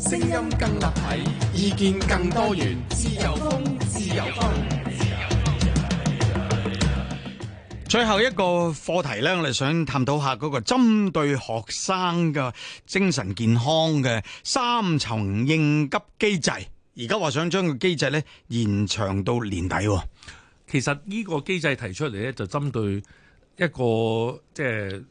聲音更立體，意見更多元，自由風，自由風，自由風。最後一個課題呢，我哋想探討一下嗰個針對學生嘅精神健康嘅三層應急機制。而家話想將個機制呢延長到年底。其實呢個機制提出嚟，呢就針對一個即係、就是、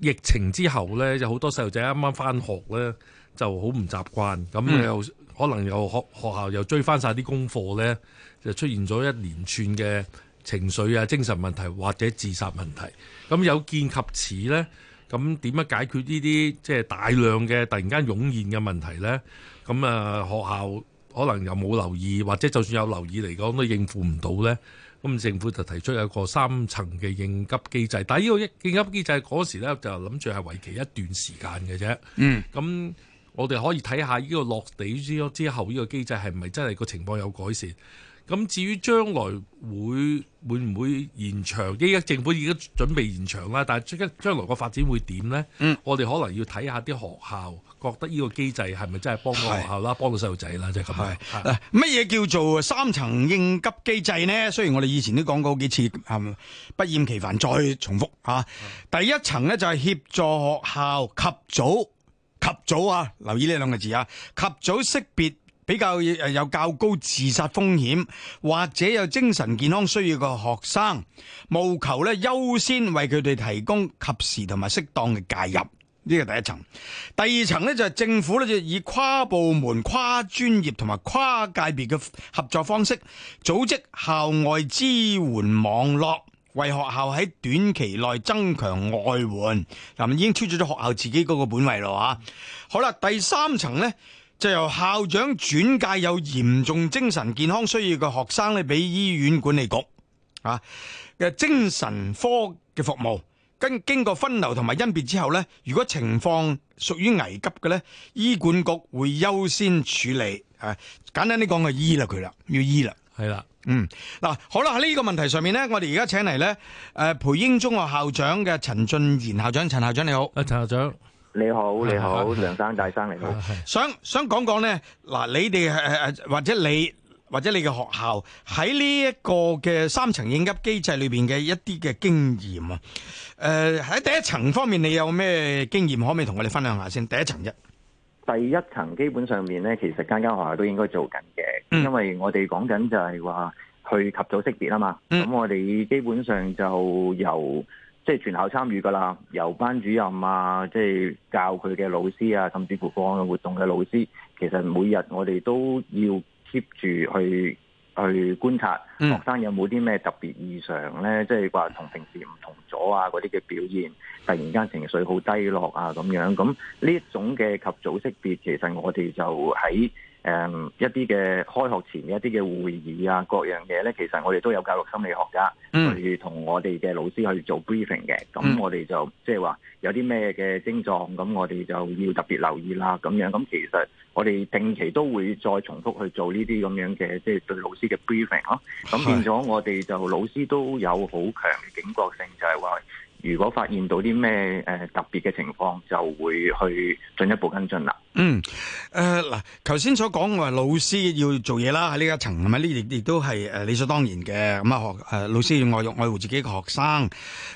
疫情之後呢，有好多細路仔啱啱翻學呢。就好唔習慣，咁又、嗯、可能又學，學校又追翻晒啲功課呢，就出現咗一連串嘅情緒啊、精神問題或者自殺問題。咁有見及此呢，咁點樣解決呢啲即係大量嘅突然間湧現嘅問題呢？咁啊，學校可能又冇留意，或者就算有留意嚟講都應付唔到呢。咁政府就提出一個三層嘅應急機制，但呢個應急機制嗰時呢，就諗住係為期一段時間嘅啫。嗯，咁。我哋可以睇下呢個落地之之後，呢個機制係咪真係個情況有改善？咁至於將來會會唔會延長？依家政府已經準備延長啦，但係將將來個發展會點咧？嗯，我哋可能要睇下啲學校覺得呢個機制係咪真係幫到學校啦，幫到細路仔啦，即係咁。係嗱，乜嘢叫做三層應急機制咧？雖然我哋以前都講過幾幾次、嗯，不厭其煩再重複、啊嗯、第一層咧就係協助學校及早。及早啊！留意呢兩個字啊，及早識別比較有較高自殺風險或者有精神健康需要嘅學生，務求咧優先為佢哋提供及時同埋適當嘅介入，呢個第一層。第二層呢，就係政府呢，就以跨部門、跨專業同埋跨界別嘅合作方式，組織校外支援網絡。為學校喺短期內增強外援，嗱，已經超出咗學校自己嗰個本位咯吓。好啦，第三層呢，就由校長轉介有嚴重精神健康需要嘅學生咧，俾醫院管理局啊嘅精神科嘅服務。跟經過分流同埋甄別之後呢，如果情況屬於危急嘅呢，醫管局會優先處理。誒，簡單啲講，個醫啦佢啦，要醫啦。係啦，嗯，嗱，好啦，喺呢個問題上面呢，我哋而家請嚟呢誒，培英中學校長嘅陳俊賢校長，陳校長你好，啊，陳校長你好，你好，啊、梁生，大生你好，啊、想想講講呢，嗱，你哋誒或者你或者你嘅學校喺呢一個嘅三層應急機制裏邊嘅一啲嘅經驗啊，誒、呃，喺第一層方面你有咩經驗，可唔可以同我哋分享下先？第一層一。第一層基本上面咧，其實間間學校都應該做緊嘅，因為我哋講緊就係話去及早識別啊嘛。咁我哋基本上就由即係、就是、全校參與噶啦，由班主任啊，即、就、係、是、教佢嘅老師啊，甚至乎課外活動嘅老師，其實每日我哋都要 keep 住去。去觀察學生有冇啲咩特別異常呢，即係話同平時唔同咗啊，嗰啲嘅表現突然間情緒好低落啊，咁樣咁呢一種嘅及早識別，其實我哋就喺。誒、嗯、一啲嘅開學前嘅一啲嘅會議啊，各樣嘢咧，其實我哋都有教育心理學家、mm. 去同我哋嘅老師去做 briefing 嘅。咁我哋就即係話有啲咩嘅症狀，咁我哋就要特別留意啦。咁樣咁其實我哋定期都會再重複去做呢啲咁樣嘅，即、就、係、是、對老師嘅 briefing 咯、啊。咁變咗我哋就老師都有好強嘅警覺性，就係、是、話。如果發現到啲咩誒特別嘅情況，就會去進一步跟進啦。嗯，誒、呃、嗱，頭先所講話老師要做嘢啦，喺呢一層係咪？呢亦亦都係誒理所當然嘅。咁、嗯、啊，學老師要愛育愛護自己嘅學生。咁、嗯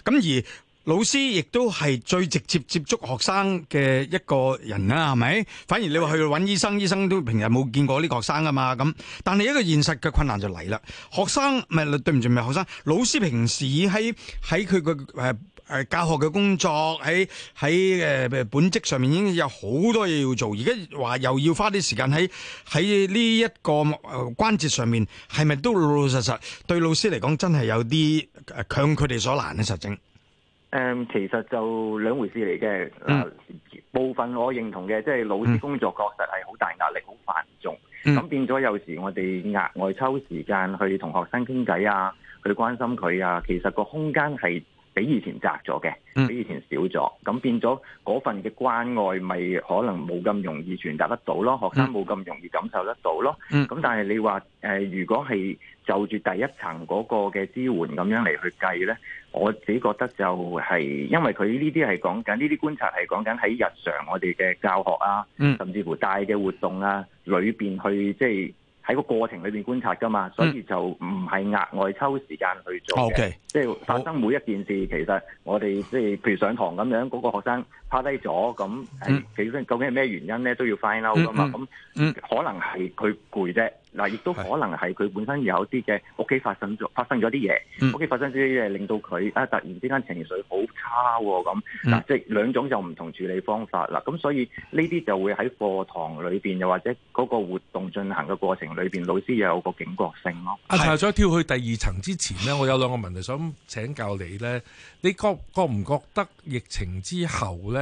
嗯、而老師亦都係最直接接觸學生嘅一個人啦，係咪？反而你話去搵醫生、嗯，醫生都平日冇見過啲學生啊嘛。咁，但係一個現實嘅困難就嚟啦。學生唔、呃、對對唔住，唔係學生，老師平時喺喺佢個誒誒，教學嘅工作喺喺誒本職上面已經有好多嘢要做，而家話又要花啲時間喺喺呢一個關節上面，係咪都老老實實對老師嚟講真係有啲強佢哋所難咧？實情誒，其實就兩回事嚟嘅、嗯。部分我認同嘅，即係老師工作確實係好大壓力，好、嗯、繁重。咁、嗯、變咗有時候我哋額外抽時間去同學生傾偈啊，去關心佢啊，其實個空間係。比以前窄咗嘅，比以前少咗，咁變咗嗰份嘅關愛，咪可能冇咁容易傳達得到咯，學生冇咁容易感受得到咯。咁但係你話誒，如果係就住第一層嗰個嘅支援咁樣嚟去計咧，我自己覺得就係因為佢呢啲係講緊，呢啲觀察係講緊喺日常我哋嘅教學啊，甚至乎大嘅活動啊裏邊去即係。喺個過程裏邊觀察噶嘛，所以就唔係額外抽時間去做嘅。Okay. 即係發生每一件事，其實我哋即係譬如上堂咁樣，嗰個學生。趴低咗，咁誒本身究竟係咩原因咧，都要 find out 噶嘛。咁、嗯嗯嗯嗯、可能係佢攰啫，嗱亦都可能係佢本身有啲嘅屋企發生咗發生咗啲嘢，屋企發生咗啲嘢，嗯、令到佢啊突然之間情緒好差喎。咁、嗯、嗱、嗯，即係兩種又唔同處理方法啦。咁所以呢啲就會喺課堂裏邊，又或者嗰個活動進行嘅過程裏邊，老師又有個警覺性咯。啊，再跳去第二層之前咧，我有兩個問題想請教你咧。你覺覺唔覺得疫情之後咧？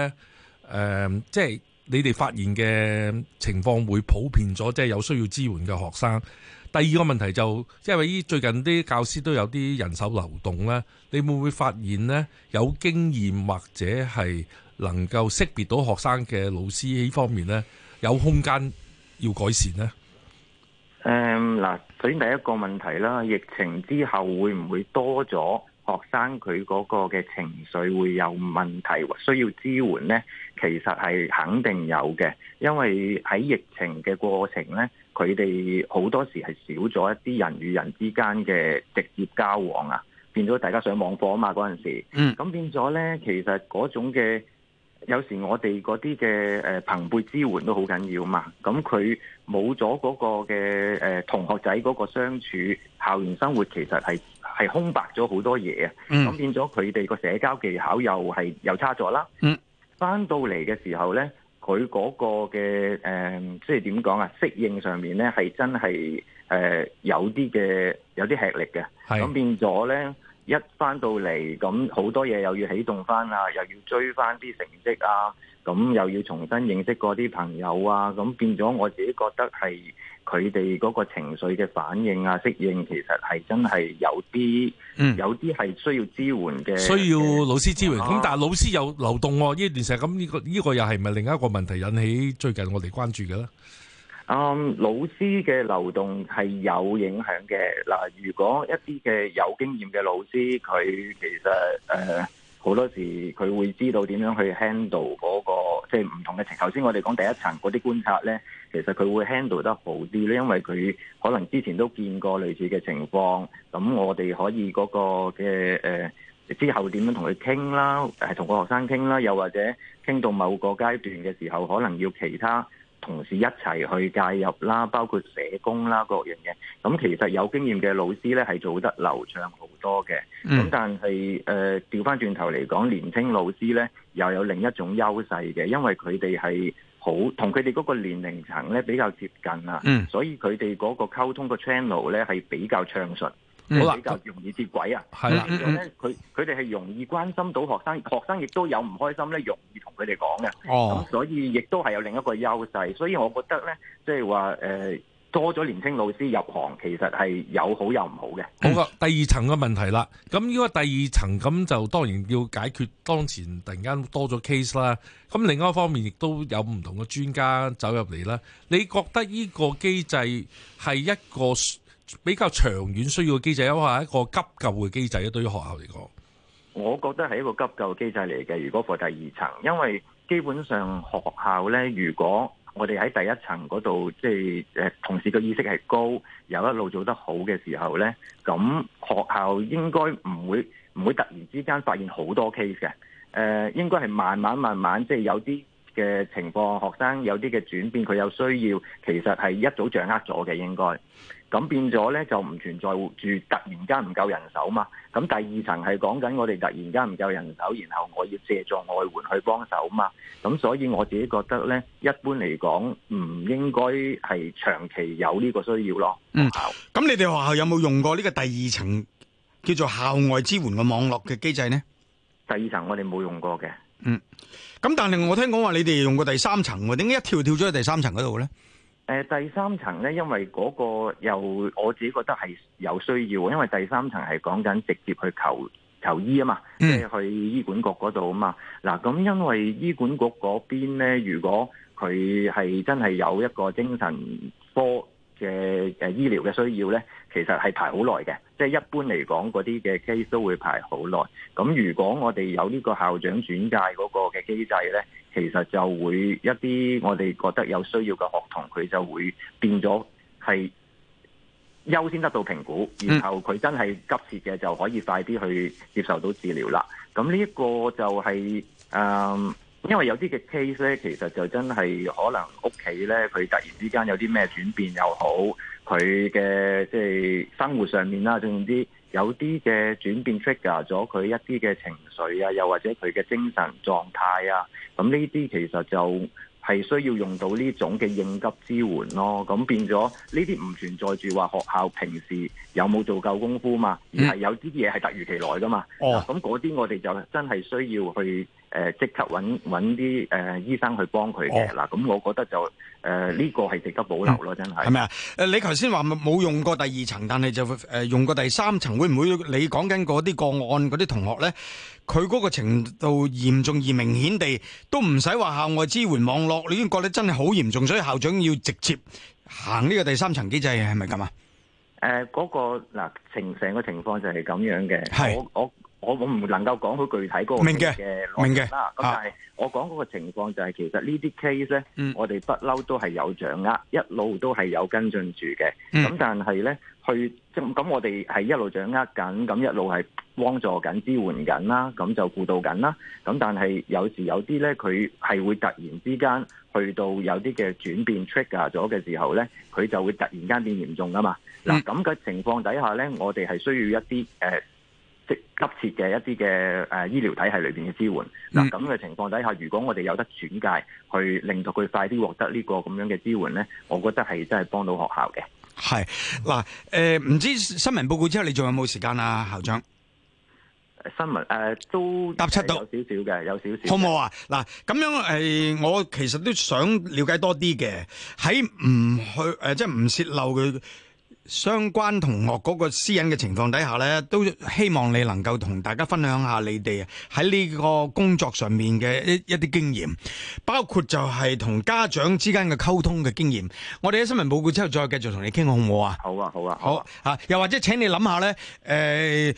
誒，即係你哋發現嘅情況會普遍咗，即係有需要支援嘅學生。第二個問題就，因為最近啲教師都有啲人手流動咧，你會唔會發現咧有經驗或者係能夠識別到學生嘅老師呢方面咧有空間要改善咧？誒，嗱，首先第一個問題啦，疫情之後會唔會多咗？學生佢嗰個嘅情緒會有問題，需要支援呢，其實係肯定有嘅，因為喺疫情嘅過程呢，佢哋好多時係少咗一啲人與人之間嘅直接交往啊，變咗大家上網課啊嘛嗰陣時，嗯，咁變咗呢，其實嗰種嘅有時我哋嗰啲嘅誒朋輩支援都好緊要嘛，咁佢冇咗嗰個嘅誒同學仔嗰個相處，校園生活其實係。係空白咗好多嘢啊，咁變咗佢哋個社交技巧又係又差咗啦。翻到嚟嘅時候咧，佢嗰個嘅誒、呃，即係點講啊？適應上面咧係真係誒、呃、有啲嘅有啲吃力嘅，咁變咗咧一翻到嚟，咁好多嘢又要起動翻啊，又要追翻啲成績啊。咁又要重新認識嗰啲朋友啊，咁變咗我自己覺得係佢哋嗰個情緒嘅反應啊，適應其實係真係有啲、嗯，有啲係需要支援嘅。需要老師支援，咁、啊、但係老師有流動、啊，呢段時間咁呢、呢個呢、呢個、又係唔係另一個問題引起最近我哋關注嘅咧？嗯，老師嘅流動係有影響嘅。嗱，如果一啲嘅有經驗嘅老師，佢其實誒、呃嗯好多時佢會知道點樣去 handle 嗰個即係唔同嘅情。頭先我哋講第一層嗰啲觀察呢，其實佢會 handle 得好啲呢，因為佢可能之前都見過類似嘅情況。咁我哋可以嗰個嘅之後點樣同佢傾啦，同個學生傾啦，又或者傾到某個階段嘅時候，可能要其他，同事一齊去介入啦，包括社工啦、各樣嘢。咁其實有經驗嘅老師咧係做得流暢好多嘅。咁但係誒調翻轉頭嚟講，年輕老師咧又有另一種優勢嘅，因為佢哋係好同佢哋嗰個年齡層咧比較接近啊。所以佢哋嗰個溝通個 channel 咧係比較暢順。好啦，比較容易接軌啊，另外咧，佢佢哋係容易關心到學生，學生亦都有唔開心咧，容易同佢哋講嘅。哦，咁所以亦都係有另一個優勢，所以我覺得咧，即係話誒，多咗年輕老師入行，其實係有好有唔好嘅。好啦，第二層嘅問題啦，咁呢個第二層咁就當然要解決當前突然間多咗 case 啦。咁另外一方面亦都有唔同嘅專家走入嚟啦。你覺得呢個機制係一個？比較長遠需要嘅機制，抑或係一個急救嘅機制咧？對於學校嚟講，我覺得係一個急救嘅機制嚟嘅。如果喺第二層，因為基本上學校咧，如果我哋喺第一層嗰度，即係誒，同事嘅意識係高，有一路做得好嘅時候咧，咁學校應該唔會唔會突然之間發現好多 case 嘅。誒、呃，應該係慢慢慢慢，即係有啲。嘅情況，學生有啲嘅轉變，佢有需要，其實係一早掌握咗嘅，應該咁變咗呢，就唔存在住突然間唔夠人手嘛。咁第二層係講緊我哋突然間唔夠人手，然後我要借助外援去幫手嘛。咁所以我自己覺得呢，一般嚟講唔應該係長期有呢個需要咯。學、嗯、咁，你哋學校有冇用過呢個第二層叫做校外支援嘅網絡嘅機制呢？第二層我哋冇用過嘅。嗯，咁但係我聽講話你哋用過第三層，點解一跳跳咗去第三層嗰度咧？誒，第三層咧，因為嗰個又我自己覺得係有需要，因為第三層係講緊直接去求求醫啊嘛，即係去醫管局嗰度啊嘛。嗱、嗯，咁因為醫管局嗰邊咧，如果佢係真係有一個精神科嘅誒醫療嘅需要咧，其實係排好耐嘅。即係一般嚟講嗰啲嘅 case 都會排好耐。咁如果我哋有呢個校長轉介嗰個嘅機制咧，其實就會一啲我哋覺得有需要嘅學童，佢就會變咗係優先得到評估，然後佢真係急切嘅就可以快啲去接受到治療啦。咁呢一個就係、是、誒、呃、因為有啲嘅 case 咧，其實就真係可能屋企咧，佢突然之間有啲咩轉變又好。佢嘅即係生活上面啦，仲有啲有啲嘅轉變 trigger 咗，佢一啲嘅情緒啊，又或者佢嘅精神狀態啊，咁呢啲其實就係需要用到呢種嘅應急支援咯。咁變咗呢啲唔存在住話學校平時有冇做夠功夫嘛？而係有啲嘢係突如其來噶嘛。哦，咁嗰啲我哋就真係需要去。誒、呃，即刻揾揾啲誒醫生去幫佢嘅嗱，咁、哦、我覺得就誒呢、呃這個係值得保留咯，真係係咪啊？誒，你頭先話冇用過第二層，但係就誒用過第三層，會唔會你講緊嗰啲個案嗰啲同學咧，佢嗰個程度嚴重而明顯地，都唔使話校外支援網絡，你已經覺得真係好嚴重，所以校長要直接行呢個第三層機制，係咪咁啊？誒、呃、嗰、那個嗱、呃、情成個情況就係咁樣嘅，我我。我我唔能夠講好具體嗰個嘅內容啦。咁但係我講嗰個情況就係、是啊、其實呢啲 case 咧、嗯，我哋不嬲都係有掌握，一路都係有跟進住嘅。咁、嗯、但係咧，去咁咁我哋係一路掌握緊，咁一路係幫助緊、支援緊啦，咁就輔導緊啦。咁但係有時有啲咧，佢係會突然之間去到有啲嘅轉變 trigger 咗嘅時候咧，佢就會突然間變嚴重噶嘛。嗱咁嘅情況底下咧，我哋係需要一啲誒。呃即急切嘅一啲嘅誒醫療體系裏面嘅支援，嗱咁嘅情況底下，如果我哋有得轉介，去令到佢快啲獲得呢個咁樣嘅支援咧，我覺得係真係幫到學校嘅。係嗱，誒、呃、唔知新聞報告之後，你仲有冇時間啊，校長？新聞誒、呃、都答七到少少嘅，有少少，有少少好冇啊？嗱、呃、咁樣、呃、我其實都想了解多啲嘅，喺唔去、呃、即係唔泄漏佢。相關同學嗰個私隱嘅情況底下呢，都希望你能夠同大家分享下你哋喺呢個工作上面嘅一啲經驗，包括就係同家長之間嘅溝通嘅經驗。我哋喺新聞報告之後再繼，再繼續同你傾好唔好啊？好啊，好啊，好啊，又或者請你諗下呢。誒、欸。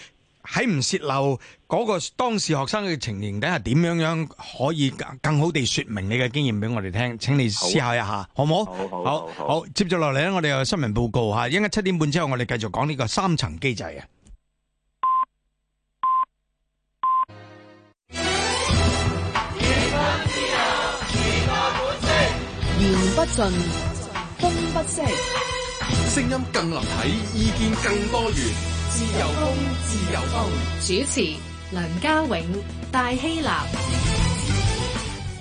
喺唔洩漏嗰、那個當事學生嘅情形底下，點樣樣可以更好地說明你嘅經驗俾我哋聽？請你思考一下，好唔好，好？好好，好，好，好接住落嚟咧，我哋有新聞報告吓，因為七點半之後我哋繼續講呢個三層機制啊。言不盡，風不息。聲音更立體，意見更多元。自由風，自由風。主持：梁家永、戴希立。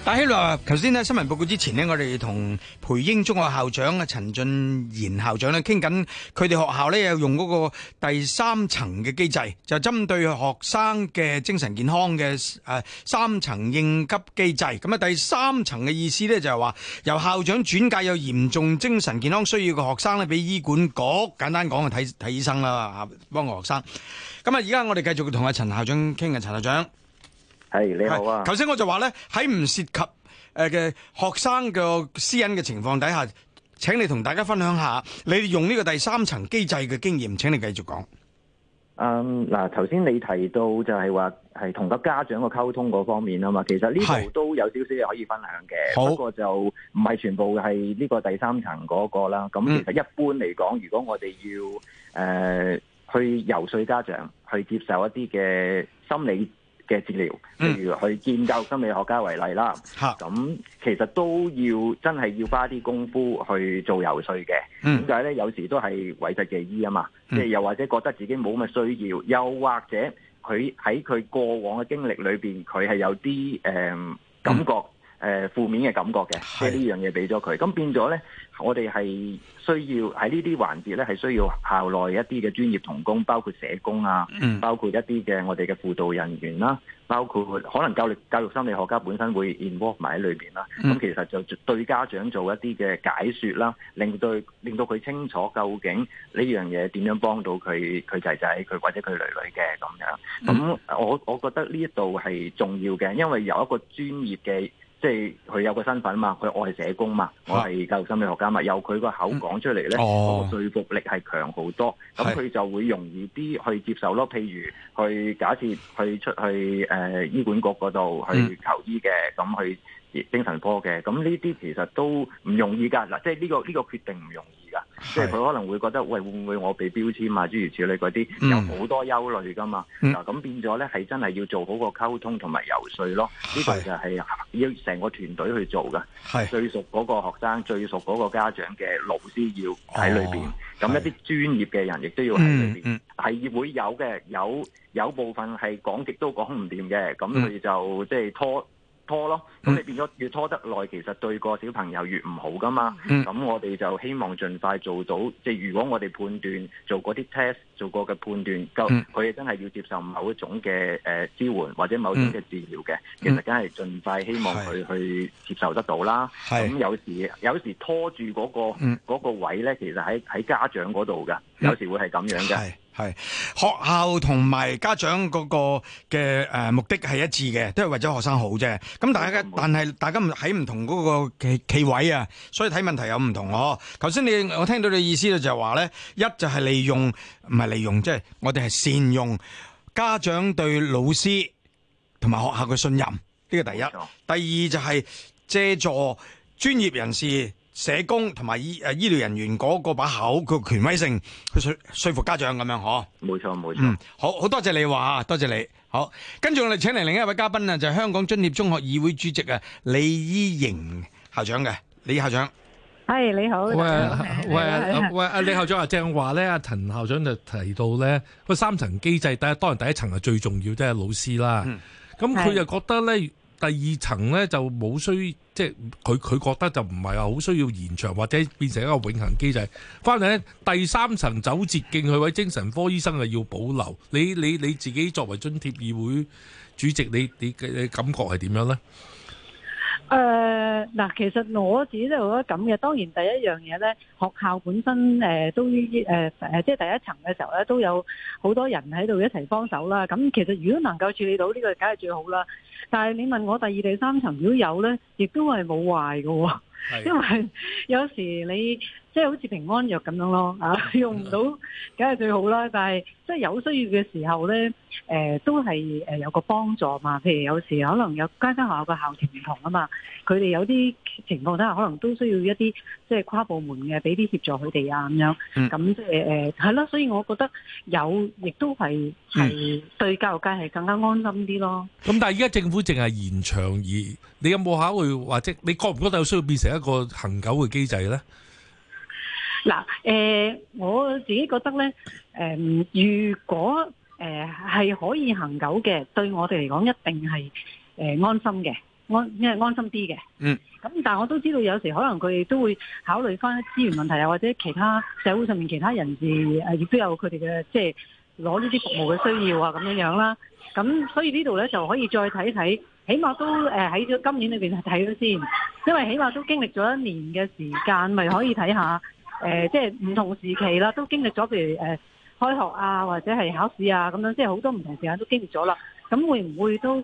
戴希樂，頭先呢新聞報告之前呢，我哋同培英中學校長啊陳俊賢校長呢傾緊，佢哋學校呢有用嗰個第三層嘅機制，就針對學生嘅精神健康嘅誒三層應急機制。咁啊，第三層嘅意思呢，就係話，由校長轉介有嚴重精神健康需要嘅學生呢俾醫管局簡單講去睇睇醫生啦，吓，幫個學生。咁啊，而家我哋繼續同阿陳校長傾緊。陳校長。係你好啊！頭先我就話咧喺唔涉及誒嘅學生嘅私隱嘅情況底下，請你同大家分享下你用呢個第三層機制嘅經驗，請你繼續講。嗯，嗱，頭先你提到就係話係同個家長嘅溝通嗰方面啊嘛，其實呢度都有少少嘢可以分享嘅。好，不過就唔係全部係呢個第三層嗰、那個啦。咁其實一般嚟講、嗯，如果我哋要誒、呃、去遊說家長去接受一啲嘅心理。嘅治療，譬如去見教心理學家為例啦，咁、嗯、其實都要真係要花啲功夫去做游説嘅。點解咧？有時都係諱疾忌醫啊嘛，即、嗯、又或者覺得自己冇乜需要，又或者佢喺佢過往嘅經歷裏面，佢係有啲誒、呃、感覺誒、嗯呃、負面嘅感覺嘅，即、嗯、係呢樣嘢俾咗佢，咁變咗咧。我哋係需要喺呢啲環節咧，係需要校內一啲嘅專業同工，包括社工啊，包括一啲嘅我哋嘅輔導人員啦、啊，包括可能教育教育心理學家本身會 involve 埋喺裏邊、啊、啦。咁其實就對家長做一啲嘅解説啦，令對令到佢清楚究竟呢樣嘢點樣幫到佢佢仔仔佢或者佢女女嘅咁樣。咁我我覺得呢一度係重要嘅，因為由一個專業嘅。即係佢有個身份嘛，佢我係社工嘛，我係教育心理學家嘛，啊、由佢個口講出嚟咧，個、嗯、說、哦、服力係強好多，咁佢就會容易啲去接受咯。譬如去假設去出去誒、呃、醫管局嗰度去求醫嘅，咁、嗯、去精神科嘅，咁呢啲其實都唔容易噶。嗱，即係呢、個呢、個決定唔容易噶。即係佢可能會覺得喂，會唔會我被標籤啊諸如此類嗰啲、嗯、有好多憂慮噶嘛。嗱，咁、嗯、變咗咧，係真係要做好個溝通同埋遊說咯。呢個就係要成個團隊去做噶，係最熟嗰個學生最熟嗰個家長嘅老師要喺裏邊，咁、哦、一啲專業嘅人亦都要喺裏邊係、嗯嗯、會有嘅有有部分係講極都講唔掂嘅，咁佢就、嗯、即係拖。拖咯，咁、嗯、你變咗越拖得耐，其實對個小朋友越唔好噶嘛。咁、嗯、我哋就希望盡快做到，即係如果我哋判斷做嗰啲 test 做過嘅判斷，夠佢哋、嗯、真係要接受某種嘅誒、呃、支援或者某種嘅治療嘅、嗯，其實梗係盡快希望佢去，去接受得到啦。咁有時有時拖住嗰、嗰個嗰、嗯嗰個位咧，其實喺喺家長嗰度嘅，有時會係咁樣嘅。係學校同埋家長嗰個嘅誒目的係一致嘅，都係為咗學生好啫。咁大家但係大家唔喺唔同嗰個企位啊，所以睇問題有唔同哦。頭先你我聽到你的意思咧，就係話咧，一就係利用唔係利用，即係、就是、我哋係善用家長對老師同埋學校嘅信任，呢、這個第一。第二就係借助專業人士。社工同埋醫誒醫療人員嗰個把口，佢權威性去說說服家長咁樣嗬？冇錯冇錯。嗯，好好多謝你話，多謝你。好，跟住我哋請嚟另一位嘉賓啊，就係、香港津貼中學議會主席啊李伊瑩校長嘅李校長。係你好。喂、嗯、喂喂、喂、喂、喂，李校長啊，正話咧，阿陳校長就提到咧，佢三層機制第一，但當然第一層係最重要，即係老師啦。咁佢就覺得咧。第二層呢，就冇需要，即係佢佢覺得就唔係話好需要延長，或者變成一個永恆機制。翻嚟第三層走捷徑，佢位精神科醫生係要保留。你你你自己作為津貼議會主席，你你嘅感覺係點樣呢？誒，嗱，其實我自己都覺得咁嘅。當然第一樣嘢咧，學校本身誒、呃、都誒誒、呃，即係第一層嘅時候咧，都有好多人喺度一齊幫手啦。咁、啊、其實如果能夠處理到呢、這個，梗係最好啦。但係你問我第二、第三層如果有咧，亦都係冇壞㗎，因為有時你。即係好似平安藥咁樣咯，啊用唔到，梗係最好啦。但係即係有需要嘅時候咧，誒、呃、都係誒有個幫助嘛。譬如有時可能有間間學校個校情唔同啊嘛，佢哋有啲情況底下可能都需要一啲即係跨部門嘅，俾啲協助佢哋啊咁樣。咁誒誒係啦，所以我覺得有亦都係係、嗯、對教育界係更加安心啲咯。咁但係而家政府淨係延長而你有冇考慮或者你覺唔覺得有需要變成一個恒久嘅機制咧？嗱，誒我自己覺得咧，誒如果誒係可以行久嘅，對我哋嚟講一定係誒安心嘅，安即係安心啲嘅。嗯，咁但係我都知道有時可能佢哋都會考慮翻資源問題啊，或者其他社會上面其他人士誒，亦都有佢哋嘅即係攞呢啲服務嘅需要啊，咁樣樣啦。咁所以呢度咧就可以再睇睇，起碼都誒喺今年裏邊睇咗先，因為起碼都經歷咗一年嘅時間，咪可以睇下。誒、呃，即係唔同時期啦，都經歷咗，譬如誒、呃、開學啊，或者係考試啊，咁樣，即係好多唔同時間都經歷咗啦。咁會唔會都誒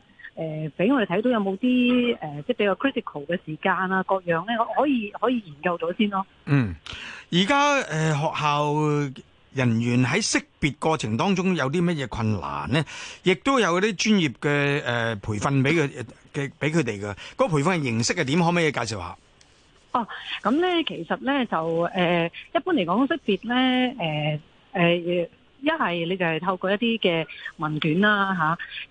俾、呃、我哋睇到有冇啲誒，即係比較 critical 嘅時間啊，各樣咧，可以可以研究咗先咯。嗯，而家誒學校人員喺識別過程當中有啲乜嘢困難咧？亦都有啲專業嘅誒、呃、培訓俾佢嘅，俾佢哋嘅。嗰個培訓嘅形式係點，可唔可以介紹下？哦，咁咧，其實咧就誒、呃，一般嚟講識別咧，誒一係你就係透過一啲嘅問卷啦，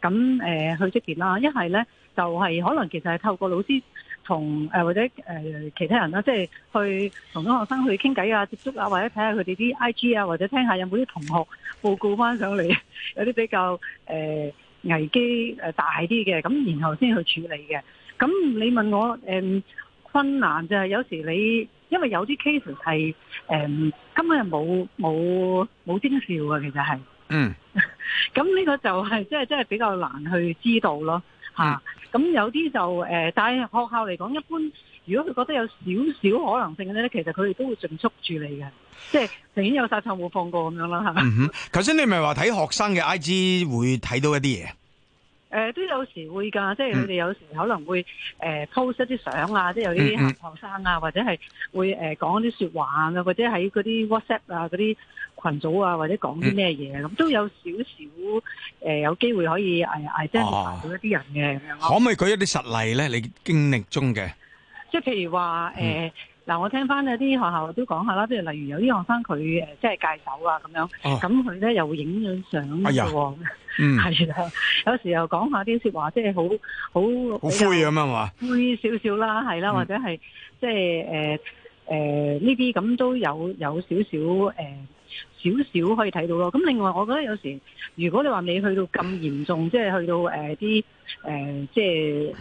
咁、啊、誒、呃、去識別啦，一係咧就係、是、可能其實係透過老師同、呃、或者誒、呃、其他人啦，即、就、係、是、去同啲學生去傾偈啊、接觸啊，或者睇下佢哋啲 IG 啊，或者聽下有冇啲同學報告翻上嚟，有啲比較誒、呃、危機大啲嘅，咁然後先去處理嘅。咁你問我、呃困難就係有時你，因為有啲 case 係誒根本係冇冇冇徵兆嘅，其實係嗯，咁 呢個就係即係即係比較難去知道咯嚇咁、嗯、有啲就誒、呃，但係學校嚟講，一般如果佢覺得有少少可能性嘅咧，其實佢哋都會盡速處理嘅，即係寧願有殺錯冇放過咁樣啦嚇。頭先、嗯、你咪話睇學生嘅 I G 會睇到一啲嘢。誒、呃、都有時會㗎，即係佢哋有時可能會誒、呃、post 一啲相啊，即係有啲學生啊，或者係會誒講啲説話啊，或者喺嗰啲 WhatsApp 啊、嗰啲群組啊，或者講啲咩嘢，咁、嗯、都有少少誒、呃、有機會可以誒誒 identify 到一啲人嘅。可唔可以舉一啲實例咧？你經歷中嘅，即係譬如話誒。嗯嗱、啊，我聽翻有啲學校都講下啦，即係例如有啲學生佢誒即係戒酒啊咁樣，咁佢咧又會影咗相、哎哦、嗯，係啦，有時又講下啲説話，即係好好好灰咁樣話灰少少啦，係、啊、啦，或者係即係誒誒呢啲咁都有有少少誒。呃少少可以睇到咯。咁另外，我覺得有時如果你話你去到咁嚴重，即係去到誒啲誒即係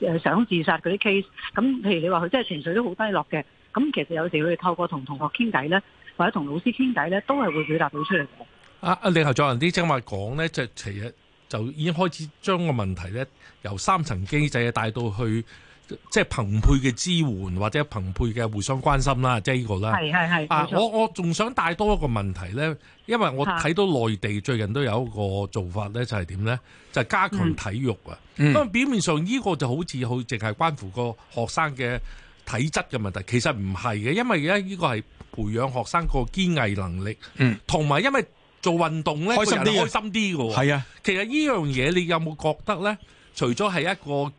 誒誒想自殺嗰啲 case，咁譬如你話佢真係情緒都好低落嘅，咁其實有時佢哋透過同同學傾偈咧，或者同老師傾偈咧，都係會表達到出嚟。啊啊！李校長啲話講咧，就其實就已經開始將個問題咧由三層機制帶到去。即係朋輩嘅支援或者朋輩嘅互相關心啦，即係呢、這個啦。係係係。啊，我我仲想帶多一個問題咧，因為我睇到內地最近都有一個做法咧，就係點咧，就係、加強體育啊。咁、嗯、表面上呢、這個就好似好淨係關乎個學生嘅體質嘅問題，其實唔係嘅，因為咧呢個係培養學生個堅毅能力，同、嗯、埋因為做運動咧，開心啲、啊，開心啲嘅。係啊，其實呢樣嘢你有冇覺得咧？除咗係一個。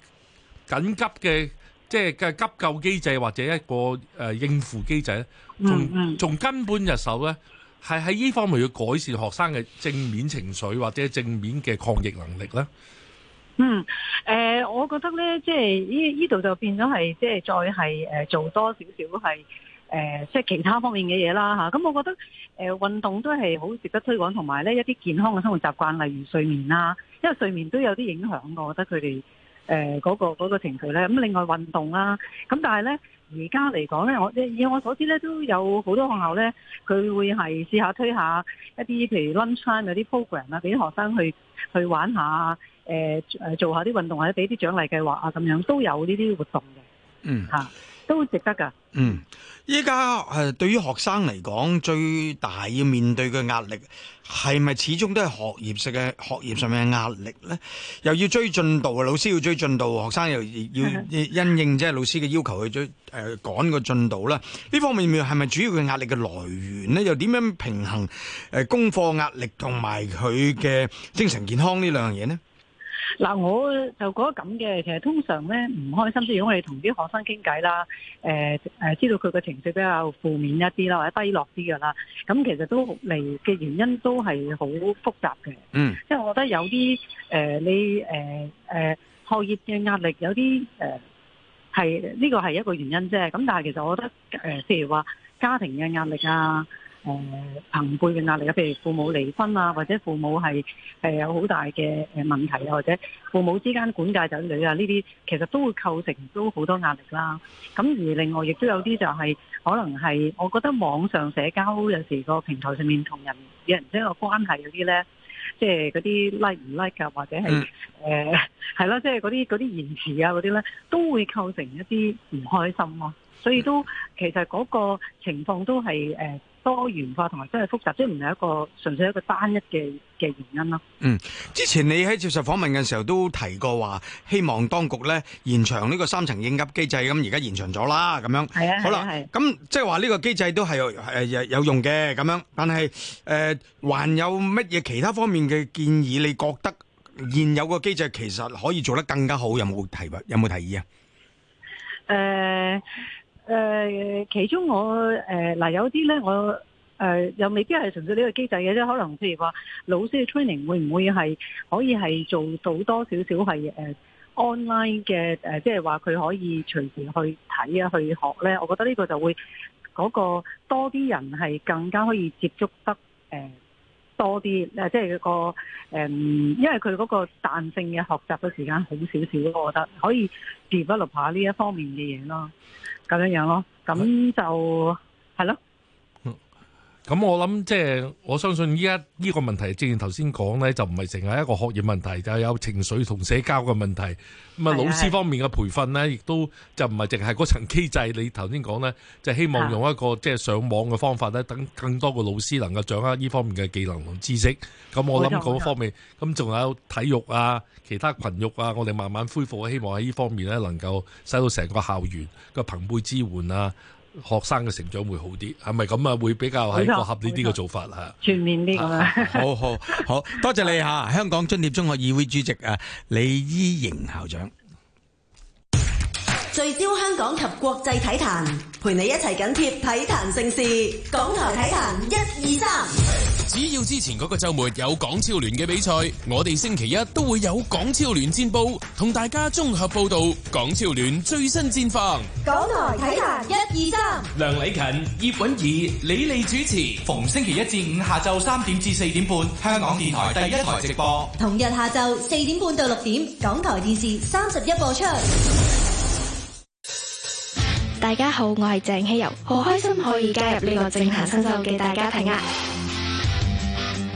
緊急嘅即係嘅急救機制，或者一個誒應付機制咧，從從根本入手咧，係喺呢方面要改善學生嘅正面情緒或者正面嘅抗逆能力咧。嗯，誒、呃，我覺得咧，即係呢呢度就變咗係即係再係誒做多少少係誒即係其他方面嘅嘢啦嚇。咁我覺得誒、呃、運動都係好值得推廣，同埋咧一啲健康嘅生活習慣，例如睡眠啦，因為睡眠都有啲影響，我覺得佢哋。誒、呃、嗰、那個嗰、那個情緒咧，咁另外運動啦、啊，咁但係咧，而家嚟講咧，我以我所知咧，都有好多學校咧，佢會係試下推下一啲譬如 lunch time 嗰啲 program 啊，俾啲學生去去玩下，呃、做下啲運動或者俾啲獎勵計劃啊，咁樣都有呢啲活動嘅，嗯嚇都值得噶。嗯，依家誒，對於學生嚟講，最大要面對嘅壓力係咪始終都係學業上嘅學業上面嘅壓力呢？又要追進度，老師要追進度，學生又要，要因應即係老師嘅要求去追趕個進度啦。呢方面面係咪主要嘅壓力嘅來源呢？又點樣平衡，呃，功課壓力同埋佢嘅精神健康呢兩樣嘢呢？嗱、嗯，我就覺得咁嘅，其實通常咧唔開心，即如果我哋同啲學生傾偈啦，知道佢嘅情緒比較負面一啲啦，或者低落啲嘅啦，咁其實都嚟嘅原因都係好複雜嘅。嗯，即係我覺得有啲誒、呃，你誒誒、呃呃、學業嘅壓力有啲誒係呢個係一個原因啫。咁但係其實我覺得誒，例如話家庭嘅壓力啊。誒朋輩嘅壓力啊，譬如父母離婚啊，或者父母係係、呃、有好大嘅誒問題啊，或者父母之間管教仔女啊，呢啲其實都會構成都好多壓力啦。咁而另外亦都有啲就係、是、可能係，我覺得網上社交有時個平台上面同人嘅人際個關係嗰啲咧，即係嗰啲 like 唔 like 啊，或者係誒係咯，即係嗰啲啲言辭啊嗰啲咧，都會構成一啲唔開心咯、啊。所以都其實嗰個情況都係誒。呃多元化同埋真係複雜，即係唔係一個純粹一個單一嘅嘅原因咯。嗯，之前你喺接受訪問嘅時候都提過話，希望當局咧延長呢個三層應急機制，咁而家延長咗啦，咁樣。係啊，好啦，咁、啊啊、即係話呢個機制都係誒有有用嘅咁樣，但係誒、呃、還有乜嘢其他方面嘅建議？你覺得現有個機制其實可以做得更加好，有冇提有冇提議啊？誒、呃。誒、呃，其中我誒，嗱、呃、有啲咧，我誒、呃、又未必係純粹呢個機制嘅啫，可能譬如話老師嘅 training 會唔會係可以係做到多少少係誒、呃、online 嘅誒，即係話佢可以隨時去睇啊，去學咧。我覺得呢個就會嗰、那個多啲人係更加可以接觸得誒、呃、多啲誒，即、呃、係、就是那個誒、呃，因為佢嗰個彈性嘅學習嘅時間好少少，我覺得可以 develop 下呢一方面嘅嘢咯。咁樣啊樣囉，咁就係囉。咁我諗即係我相信依家依個問題，正如頭先講呢，就唔係淨係一個學業問題，就係、是、有情緒同社交嘅問題。咁啊，老師方面嘅培訓呢，亦都就唔係淨係嗰層機制。你頭先講呢，就希望用一個即係上網嘅方法呢，等更多嘅老師能夠掌握呢方面嘅技能同知識。咁我諗嗰方面，咁仲有體育啊、其他群育啊，我哋慢慢恢復，希望喺呢方面呢，能夠使到成個校園個朋輩支援啊。學生嘅成長會好啲，係咪咁啊？會比較係符合呢啲嘅做法全面啲咁。 好好好多謝，謝你嚇， 香港津貼中學議會主席李伊瑩校長。聚焦香港及國際體壇，陪你一齊緊貼體壇盛事。港台體壇一二三，只要之前嗰個周末有港超聯嘅比賽，我哋星期一都會有港超聯戰報，同大家綜合報道港超聯最新戰況。港台體壇一二三，梁禮勤、葉本儀、李利主持，逢星期一至五下晝三點至四點半，香港電台第一台直播。同日下晝四點半到六點，港台電視三十一播出。大家好，我係鄭希柔，好開心可以加入呢個政壇新秀嘅大家庭啊！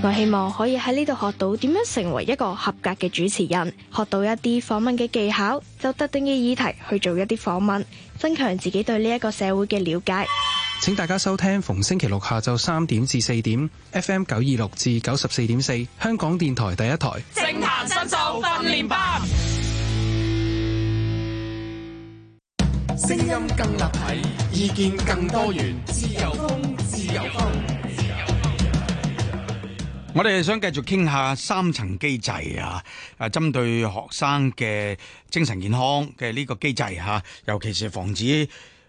我希望可以喺呢度學到點樣成為一個合格嘅主持人，學到一啲訪問嘅技巧，就特定嘅議題去做一啲訪問，增強自己對呢一個社會嘅了解。請大家收聽逢星期六下晝三點至四點，FM 九二六至九十四點四，香港電台第一台政壇新秀，訓練班。聲音更立體，意見更多元，自由風，自由風，自由風。我哋想繼續傾下三層機制啊，誒，針對學生嘅精神健康嘅呢個機制吓，尤其是防止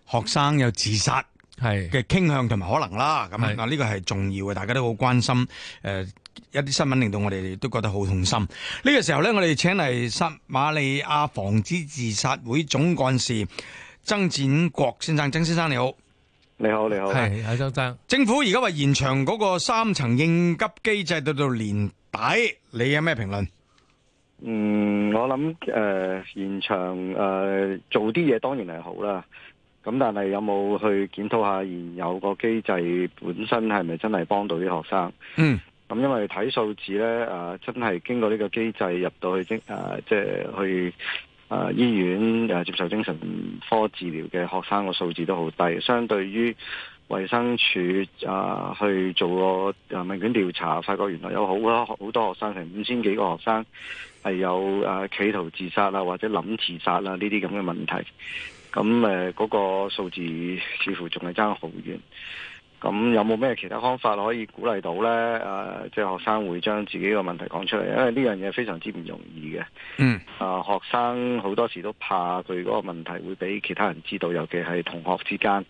學生有自殺係嘅傾向同埋可能啦。咁啊，呢、這個係重要嘅，大家都好關心。誒，一啲新聞令到我哋都覺得好痛心。呢、這個時候咧，我哋請嚟撒瑪利亞防止自殺會總幹事。曾展國先生，曾先生你好，你好你好，係阿曾生。政府而家話延長嗰個三層應急機制到到年底，你有咩評論？嗯，我諗誒延長誒做啲嘢當然係好啦。咁但係有冇去檢討下現有個機制本身係咪真係幫到啲學生？嗯。咁因為睇數字咧誒、呃，真係經過呢個機制入到去即誒、呃，即係去。誒、啊、醫院、啊、接受精神科治療嘅學生個數字都好低，相對於衛生署、啊、去做個問卷調查，發覺原來有好多，好多學生，成五千幾個學生係有、啊、企圖自殺啊，或者諗自殺啊呢啲咁嘅問題，咁嗰、啊嗰個數字似乎仲係爭好遠。咁有冇咩其他方法可以鼓勵到呢？誒、呃，即、就、係、是、學生會將自己個問題講出嚟，因為呢樣嘢非常之唔容易嘅。嗯。啊，學生好多時都怕佢嗰個問題會俾其他人知道，尤其係同學之間，誒、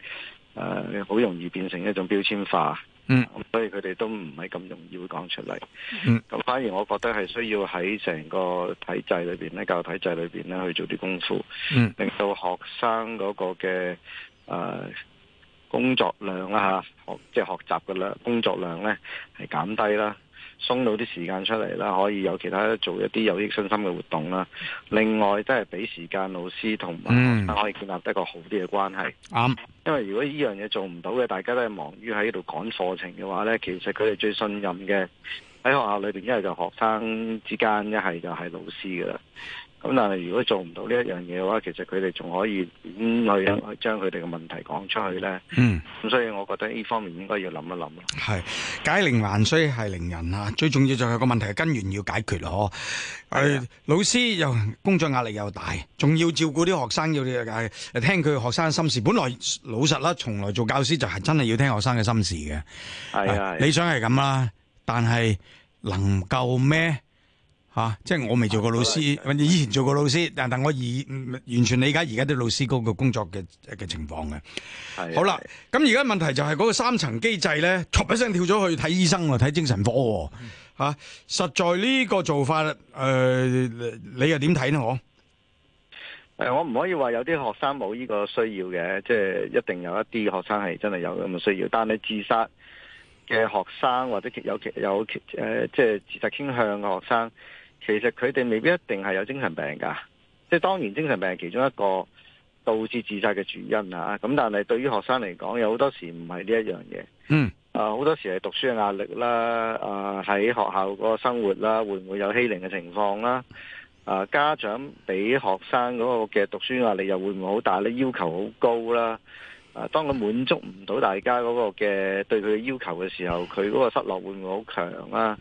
呃，好容易變成一種標籤化。嗯。啊、所以佢哋都唔係咁容易會講出嚟。嗯。咁反而我覺得係需要喺成個體制裏面，咧，教育體制裏面咧去做啲功夫，嗯，令到學生嗰個嘅誒。呃工作量啦嚇，學即係學習嘅量，工作量咧係減低啦，鬆到啲時間出嚟啦，可以有其他做一啲有益身心嘅活動啦。另外，真係俾時間老師同埋可以建立一個好啲嘅關係。啱、嗯，因為如果呢樣嘢做唔到嘅，大家都係忙於喺呢度趕課程嘅話咧，其實佢哋最信任嘅喺學校裏邊一係就學生之間，一係就係老師噶啦。咁但係如果做唔到呢一樣嘢嘅話，其實佢哋仲可以點樣去將佢哋嘅問題講出去咧？嗯，咁所以我覺得呢方面應該要諗一諗咯。係解鈴還須繫鈴人啊，最重要就係個問題嘅根源要解決咯。誒，老師又工作壓力又大，仲要照顧啲學生要誒聽佢學生嘅心事。本來老實啦，從來做教師就係真係要聽學生嘅心事嘅。係啊，理想係咁啦，但係能夠咩？啊！即係我未做過老師，以前做過老師，但但我已完全理解而家啲老師嗰個工作嘅嘅情況嘅。係好啦，咁而家問題就係嗰個三層機制咧，一聲跳咗去睇醫生喎，睇精神科喎。哦。吓、啊嗯，實在呢個做法，誒、呃，你又點睇咧？我誒、呃，我唔可以話有啲學生冇呢個需要嘅，即、就、係、是、一定有一啲學生係真係有咁嘅需要。但係你自殺嘅學生或者有其有誒，即係自殺傾向嘅學生。其實佢哋未必一定係有精神病噶，即係當然精神病係其中一個導致自殺嘅主因。咁但係對於學生嚟講，有好多時唔係呢一樣嘢。嗯。啊，好多時係讀書嘅壓力啦，啊，喺學校嗰個生活啦，會唔會有欺凌嘅情況啦？啊，家長俾學生嗰個嘅讀書壓力又會唔會好大咧？要求好高啦。啊，當佢滿足唔到大家嗰個嘅對佢嘅要求嘅時候，佢嗰個失落會唔會好強啦？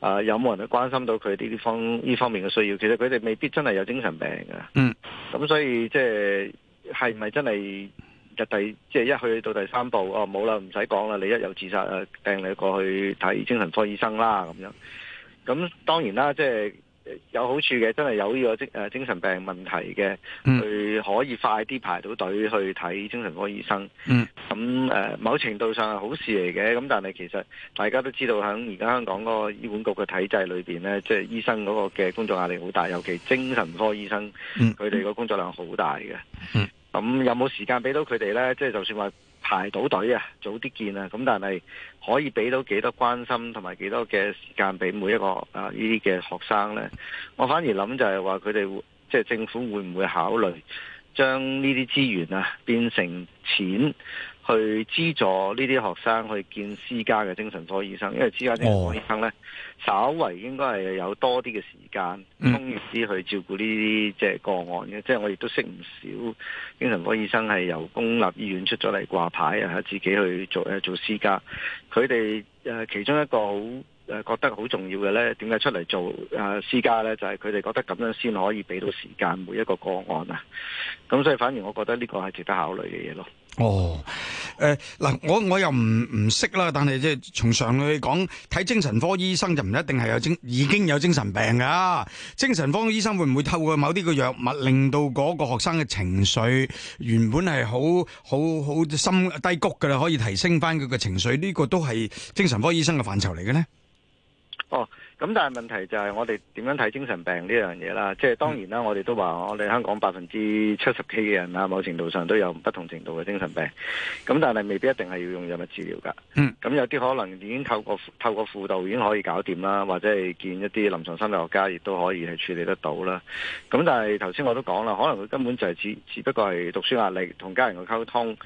啊！有冇人去關心到佢呢啲方呢方面嘅需要？其實佢哋未必真係有精神病嘅。嗯。咁所以即係係咪真係日第即係一去到第三步？哦，冇啦，唔使講啦，你一有自殺啊，掟你過去睇精神科醫生啦咁樣。咁當然啦，即係。有好處嘅，真係有呢個精誒精神病問題嘅，佢、嗯、可以快啲排到隊去睇精神科醫生。咁、嗯、誒、呃，某程度上係好事嚟嘅。咁但係其實大家都知道喺而家香港嗰個醫管局嘅體制裏邊咧，即係醫生嗰個嘅工作壓力好大，尤其精神科醫生，佢哋個工作量好大嘅。咁、嗯、有冇時間俾到佢哋咧？即係就算話。排到隊啊，早啲見啊！咁但係可以俾到幾多關心同埋幾多嘅時間俾每一個啊呢啲嘅學生呢？我反而諗就係話佢哋即係政府會唔會考慮將呢啲資源啊變成錢？去資助呢啲學生去見私家嘅精神科醫生，因為私家精神科醫生咧，oh，稍為應該係有多啲嘅時間，充裕啲去照顧呢啲即個案嘅。即係我亦都識唔少精神科醫生係由公立醫院出咗嚟掛牌啊，自己去做做私家。佢哋、呃、其中一個好覺得好重要嘅呢，點解出嚟做誒私家呢？就係佢哋覺得咁樣先可以俾到時間每一個個案啊。咁所以反而我覺得呢個係值得考慮嘅嘢咯。哦，誒、呃、嗱，我我又唔唔識啦，但係即係從常去講，睇精神科醫生就唔一定係有精已經有精神病噶。精神科醫生會唔會透過某啲嘅藥物令到嗰個學生嘅情緒原本係好好好深低谷噶啦，可以提升翻佢嘅情緒？呢個都係精神科醫生嘅範疇嚟嘅呢。哦，咁但係問題就係我哋點樣睇精神病呢樣嘢啦？即係當然啦、嗯，我哋都話我哋香港百分之七十 K 嘅人啦，某程度上都有不同程度嘅精神病。咁但係未必一定係要用藥物治療噶。咁、嗯、有啲可能已經透過透過輔導已經可以搞掂啦，或者係見一啲臨床心理學家亦都可以去處理得到啦。咁但係頭先我都講啦，可能佢根本就係、是、只只不過係讀書壓力同家人嘅溝通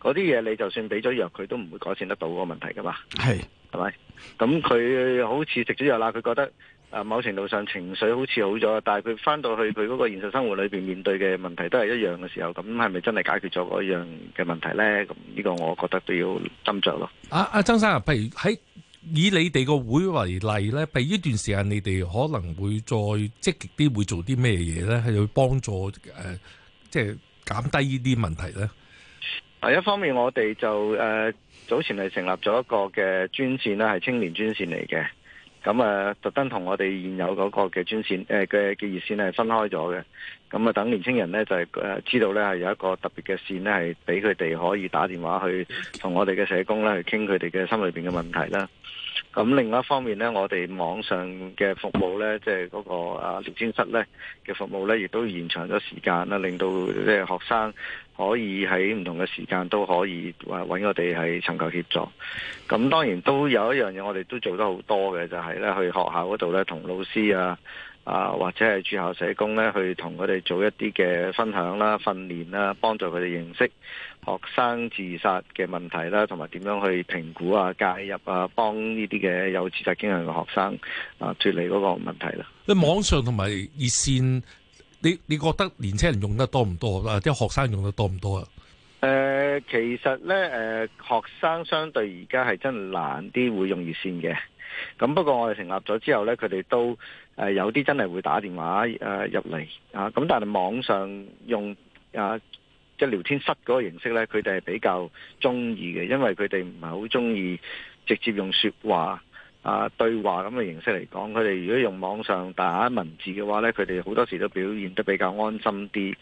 嗰啲嘢，你就算俾咗藥佢都唔會改善得到嗰個問題噶嘛。係。係咪？咁佢好似食咗藥啦，佢覺得啊，某程度上情緒好似好咗。但係佢翻到去佢嗰個現實生活裏面面對嘅問題都係一樣嘅時候，咁係咪真係解決咗嗰樣嘅問題咧？咁呢個我覺得都要斟酌咯。阿阿曾生啊，譬如喺以你哋個會為例咧，譬如呢段時間你哋可能會再積極啲，會做啲咩嘢咧？係要幫助，呃、即係減低呢啲問題咧？啊，一方面我哋就誒、呃、早前係成立咗一個嘅專線啦，係青年專線嚟嘅。咁誒、呃，特登同我哋現有嗰個嘅專線誒嘅嘅熱線咧，係分開咗嘅。咁啊，等年青人咧就係、呃、知道咧係有一個特別嘅線咧，係俾佢哋可以打電話去同我哋嘅社工咧去傾佢哋嘅心裏面嘅問題啦。咁另一方面咧，我哋網上嘅服務咧，即係嗰個啊聊天室咧嘅服務咧，亦都延長咗時間啦，令到即係、呃、學生，可以喺唔同嘅時間都可以揾我哋係尋求協助。咁當然都有一樣嘢，我哋都做得好多嘅，就係、是、咧去學校嗰度咧，同老師啊啊或者係駐校社工咧，去同佢哋做一啲嘅分享啦、訓練啦，幫助佢哋認識學生自殺嘅問題啦，同埋點樣去評估啊、介入啊，幫呢啲嘅有自殺傾向嘅學生啊脫離嗰個問題啦。你網上同埋熱線。你你覺得年青人用得多唔多啊？啲學生用得多唔多啊？誒、呃，其實咧，誒、呃，學生相對而家係真係難啲會用熱線嘅。咁不過我哋成立咗之後咧，佢哋都誒、呃、有啲真係會打電話誒、呃、入嚟啊。咁但係網上用啊，即係聊天室嗰個形式咧，佢哋係比較中意嘅，因為佢哋唔係好中意直接用說話。啊，對話咁嘅形式嚟講，佢哋如果用網上打文字嘅話呢，佢哋好多時都表現得比較安心啲。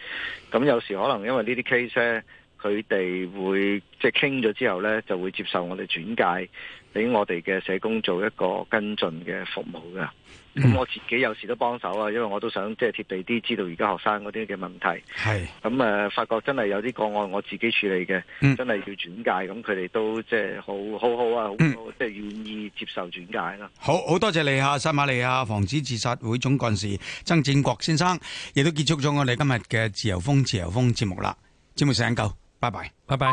咁有時可能因為呢啲 case 呢，佢哋會即係傾咗之後呢，就會接受我哋轉介俾我哋嘅社工做一個跟進嘅服務嘅。咁、嗯、我自己有時都幫手啊，因為我都想即係貼地啲，知道而家學生嗰啲嘅問題係咁誒，發覺真係有啲個案我自己處理嘅、嗯，真係要轉介咁，佢哋都即係好好好啊，好即係願意接受轉介。好，好多謝你啊，撒瑪利亞防止自殺會總幹事曾展國先生，亦都結束咗我哋今日嘅自由風自由風節目啦。節目時間夠，拜拜，拜拜。